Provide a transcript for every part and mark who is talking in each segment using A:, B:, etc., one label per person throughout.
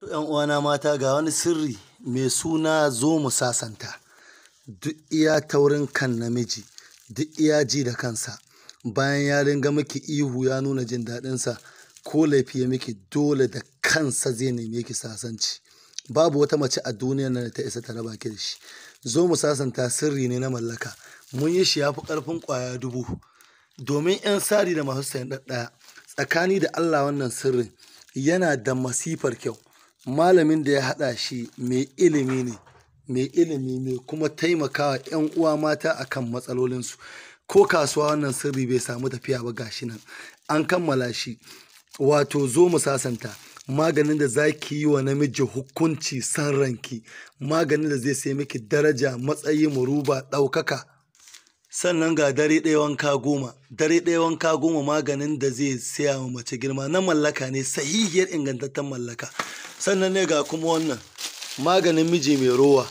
A: To ‘yan uwana mata ga wani sirri mai suna zo mu sasanta. Duk iya taurin kan namiji, duk iya ji da kansa, bayan ya ringa miki ihu ya nuna jin daɗinsa ko laifi ya miki dole da kansa zai neme ki sasanci. Babu wata mace a duniya nan da ta isa ta raba ki da shi. Zo mu sasanta sirri ne na mallaka. Mun yi shi ya fi ƙarfin ƙwaya dubu. Domin ‘yan sari da masu sayan ɗaɗɗaya, tsakani da Allah wannan sirrin yana da masifar kyau. malamin da ya haɗa shi mai ilimi ne mai ilimi mai kuma taimakawa 'yan uwa mata akan matsalolinsu ko kasuwa wannan sirri bai samu tafiya ba gashi nan an kammala shi wato zo mu sasanta maganin da za ki yi wa namiji hukunci san ranki maganin da zai sai miki daraja matsayi muruba ɗaukaka sannan ga dare ɗaya wanka goma dare ɗaya wanka goma maganin da zai saya wa mace girma na mallaka ne sahihiyar ingantattun mallaka sannan ne ga kuma wannan maganin miji mai rowa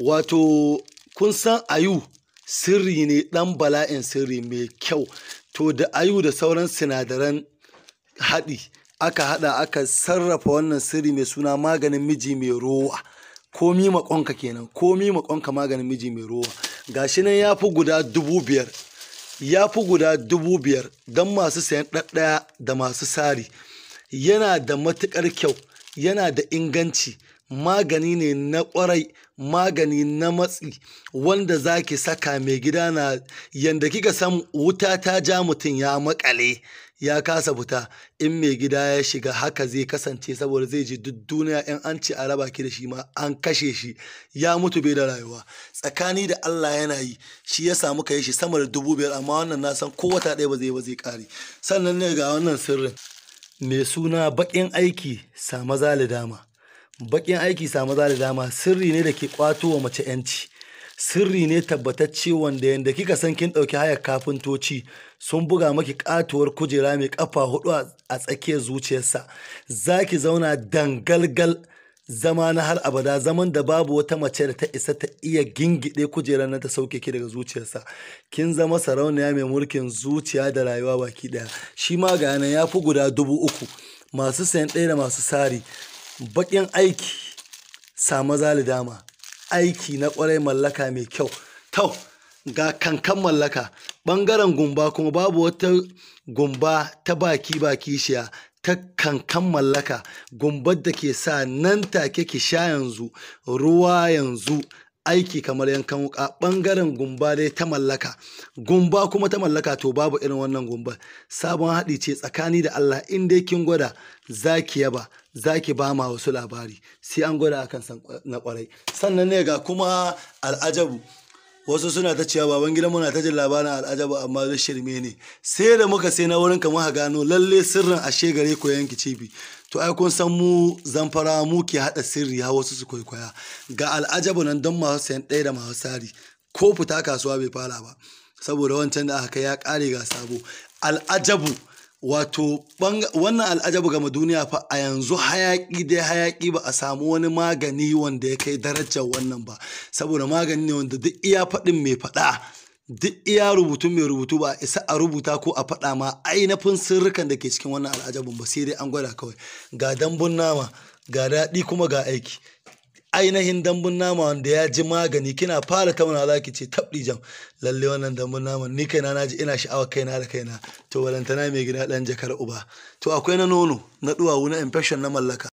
A: wato kun san ayu sirri ne dan bala'in sirri mai kyau to da ayu da sauran sinadaran haɗi aka haɗa aka sarrafa wannan sirri mai suna maganin miji mai rowa komi makonka kenan komi makonka maganin miji mai rowa gashi nan ya fi guda dubu biyar ya fi guda dubu biyar don masu sayan ɗaɗɗaya da masu sari yana da matuƙar kyau yana da inganci magani ne na kwarai magani na matsi wanda zaki saka mai gida na yanda kika san wuta ta ja mutum ya makale ya kasa fita in mai gida ya shiga haka zai kasance saboda zai ji duk duniya in an ci a raba ki da shi ma an kashe shi ya mutu bai da rayuwa tsakani da Allah yana yi shi ya samu ka yi shi sama da dubu biyar amma wannan na san ko wata ɗaya ba zai ba zai ƙare sannan ne ga wannan sirrin mai suna baƙin aiki sama zali dama baƙin aiki sama da dama sirri ne da ke ƙwato wa mace yanci sirri ne tabbatacce wanda yadda kika san kin ɗauki hayar kafintoci sun buga maki katuwar kujera mai ƙafa hudu a tsakiyar zuciyarsa za ki zauna dangalgal zama na har abada zaman da babu wata mace da ta isa ta iya gingide kujerar nan ta sauke ki daga zuciyarsa kin zama sarauniya mai mulkin zuciya da rayuwa baki daya shi ma ga nan ya fi guda dubu uku masu sayan ɗaya da masu sari baƙin aiki sama zali dama aiki na ƙwarai mallaka mai kyau tau ga kankan mallaka ɓangaren gumba kuma babu wata gumba ta baki baki shiya ta kankan mallaka gumbar da ke sa nan take ki sha yanzu ruwa yanzu aiki kamar yankan wuka bangaren gumba dai ta mallaka gumba kuma ta mallaka to babu irin wannan gumba sabon haɗi ce tsakani da Allah in dai kin gwada zaki yaba zaki ba ma wasu labari sai an gwada akan na kwarai sannan ne ga kuma al'ajabu wasu suna ta cewa baban gidan muna ta jin labarin al'ajabu amma zai shirme ne sai da muka sai na wurin kamar gano lalle sirrin ashe gare ku yanki cibi to ai kun san mu zamfara mu ke haɗa sirri ha wasu su kwaikwaya ga al'ajabu nan don masu sayan ɗaya da masu sari ko fita kasuwa bai fara ba saboda wancan da aka ya ƙare ga sabo al'ajabu wato wannan al'ajabu gama duniya fa a yanzu hayaƙi dai hayaƙi ba a samu wani magani wanda ya kai darajar wannan ba saboda magani ne wanda duk iya faɗin mai faɗa duk iya rubutu mai rubutu ba isa a rubuta ko a faɗa ma ainihin sirrikan da ke cikin wannan al'ajabun ba sai dai an gwada kawai ga dambun nama ga daɗi kuma ga aiki ainihin dambun nama wanda ya ji magani kina fara tauna za ki ce tabdi jam lalle wannan dambun nama ni kaina na ji ina sha'awa kaina da kaina to walantana mai gida dan jakar uba to akwai na nono na duwawu na infection na mallaka